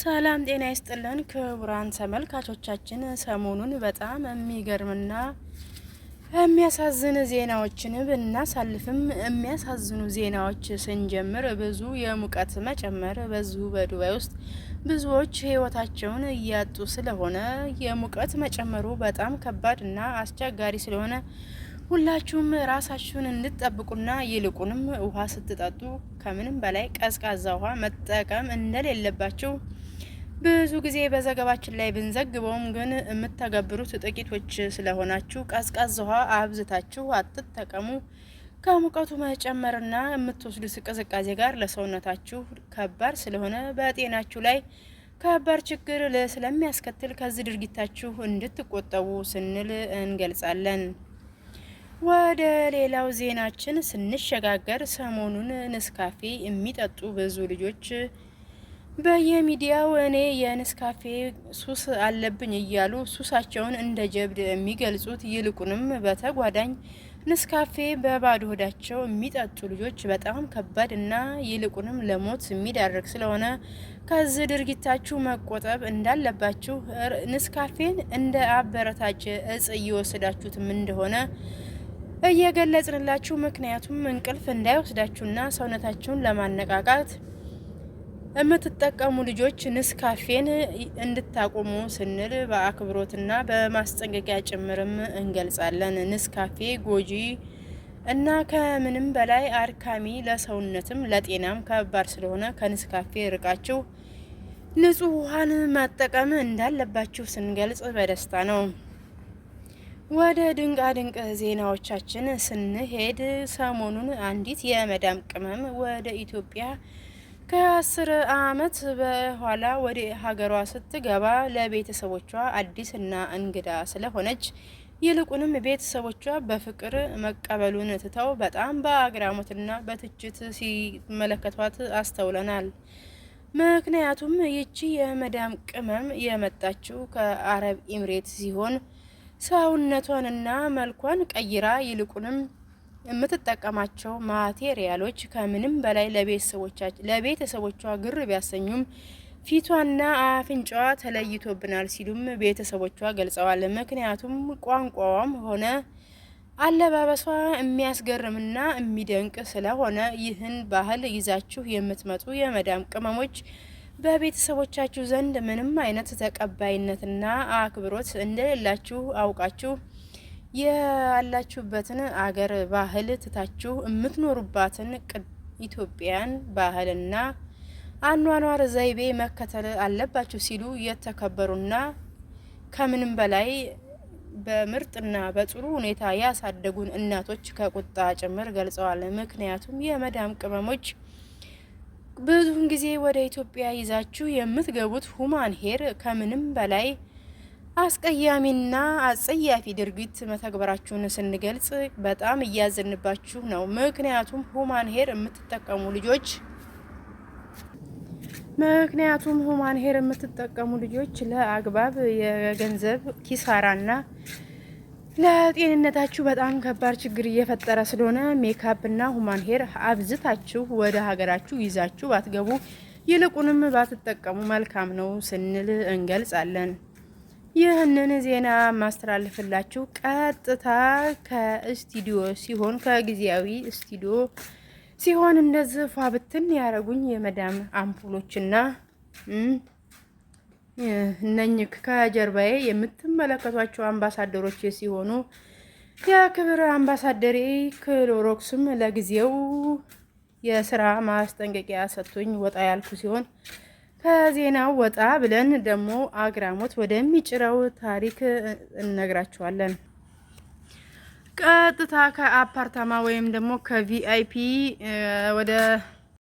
ሰላም ጤና ይስጥልን ክቡራን ተመልካቾቻችን፣ ሰሞኑን በጣም የሚገርምና የሚያሳዝን ዜናዎችን ብናሳልፍም የሚያሳዝኑ ዜናዎች ስንጀምር ብዙ የሙቀት መጨመር በዚሁ በዱባይ ውስጥ ብዙዎች ሕይወታቸውን እያጡ ስለሆነ የሙቀት መጨመሩ በጣም ከባድ እና አስቸጋሪ ስለሆነ ሁላችሁም ራሳችሁን እንድትጠብቁና ይልቁንም ውሃ ስትጠጡ ከምንም በላይ ቀዝቃዛ ውሃ መጠቀም እንደሌለባችሁ ብዙ ጊዜ በዘገባችን ላይ ብንዘግበውም ግን የምተገብሩት ጥቂቶች ስለሆናችሁ ቀዝቃዛ ውሃ አብዝታችሁ አትጠቀሙ። ከሙቀቱ መጨመርና የምትወስዱት ቅዝቃዜ ጋር ለሰውነታችሁ ከባድ ስለሆነ በጤናችሁ ላይ ከባድ ችግር ስለሚያስከትል ከዚህ ድርጊታችሁ እንድትቆጠቡ ስንል እንገልጻለን። ወደ ሌላው ዜናችን ስንሸጋገር ሰሞኑን ንስካፌ የሚጠጡ ብዙ ልጆች በየሚዲያው እኔ የንስካፌ ሱስ አለብኝ እያሉ ሱሳቸውን እንደ ጀብድ የሚገልጹት ይልቁንም በተጓዳኝ ንስካፌ በባዶ ሆዳቸው የሚጠጡ ልጆች በጣም ከባድ እና ይልቁንም ለሞት የሚዳርግ ስለሆነ ከዚህ ድርጊታችሁ መቆጠብ እንዳለባችሁ ንስካፌን እንደ አበረታች እጽ እየወሰዳችሁትም እንደሆነ እየገለጽንላችሁ ምክንያቱም እንቅልፍ እንዳይወስዳችሁና ሰውነታችሁን ለማነቃቃት የምትጠቀሙ ልጆች ንስካፌን እንድታቆሙ ስንል በአክብሮትና በማስጠንቀቂያ ጭምርም እንገልጻለን። ንስካፌ ጎጂ እና ከምንም በላይ አድካሚ ለሰውነትም ለጤናም ከባድ ስለሆነ ከንስካፌ ርቃችሁ ንጹህ ውሃን መጠቀም እንዳለባችሁ ስንገልጽ በደስታ ነው። ወደ ድንቃ ድንቅ ዜናዎቻችን ስንሄድ ሰሞኑን አንዲት የመዳም ቅመም ወደ ኢትዮጵያ ከአስር አመት በኋላ ወደ ሀገሯ ስትገባ ለቤተሰቦቿ አዲስ እና እንግዳ ስለሆነች ይልቁንም ቤተሰቦቿ በፍቅር መቀበሉን ትተው በጣም በአግራሞትና በትችት ሲመለከቷት አስተውለናል። ምክንያቱም ይቺ የመዳም ቅመም የመጣችው ከአረብ ኢሚሬት ሲሆን ሰውነቷንና መልኳን ቀይራ ይልቁንም የምትጠቀማቸው ማቴሪያሎች ከምንም በላይ ለቤተሰቦቿ ግር ቢያሰኙም ፊቷና አፍንጫዋ ተለይቶብናል ሲሉም ቤተሰቦቿ ገልጸዋል። ምክንያቱም ቋንቋዋም ሆነ አለባበሷ የሚያስገርምና የሚደንቅ ስለሆነ ይህን ባህል ይዛችሁ የምትመጡ የመዳም ቅመሞች በቤተሰቦቻችሁ ዘንድ ምንም አይነት ተቀባይነትና አክብሮት እንደሌላችሁ አውቃችሁ ያላችሁበትን አገር ባህል ትታችሁ የምትኖሩባትን ኢትዮጵያን ባህልና አኗኗር ዘይቤ መከተል አለባችሁ ሲሉ የተከበሩና ከምንም በላይ በምርጥና በጥሩ ሁኔታ ያሳደጉን እናቶች ከቁጣ ጭምር ገልጸዋል። ምክንያቱም የመዳም ቅመሞች ብዙውን ጊዜ ወደ ኢትዮጵያ ይዛችሁ የምትገቡት ሁማን ሄር ከምንም በላይ አስቀያሚና አጸያፊ ድርጊት መተግበራችሁን ስንገልጽ በጣም እያዘንባችሁ ነው። ምክንያቱም ሁማን ሄር የምትጠቀሙ ልጆች ምክንያቱም ሁማን ሄር የምትጠቀሙ ልጆች ለአግባብ የገንዘብ ኪሳራና ለጤንነታችሁ በጣም ከባድ ችግር እየፈጠረ ስለሆነ ሜካፕ እና ሁማን ሄር አብዝታችሁ ወደ ሀገራችሁ ይዛችሁ ባትገቡ ይልቁንም ባትጠቀሙ መልካም ነው ስንል እንገልጻለን። ይህንን ዜና ማስተላልፍላችሁ ቀጥታ ከስቱዲዮ ሲሆን ከጊዜያዊ ስቱዲዮ ሲሆን እንደዚህ ፏ ብትን ያረጉኝ የመዳም አምፖሎችና እነኝህ ከጀርባዬ የምትመለከቷቸው አምባሳደሮች ሲሆኑ የክብር አምባሳደሬ ክሎሮክስም ለጊዜው የስራ ማስጠንቀቂያ ሰጥቶኝ ወጣ ያልኩ ሲሆን ከዜናው ወጣ ብለን ደግሞ አግራሞት ወደሚጭረው ታሪክ እነግራችኋለን። ቀጥታ ከአፓርታማ ወይም ደግሞ ከቪአይፒ ወደ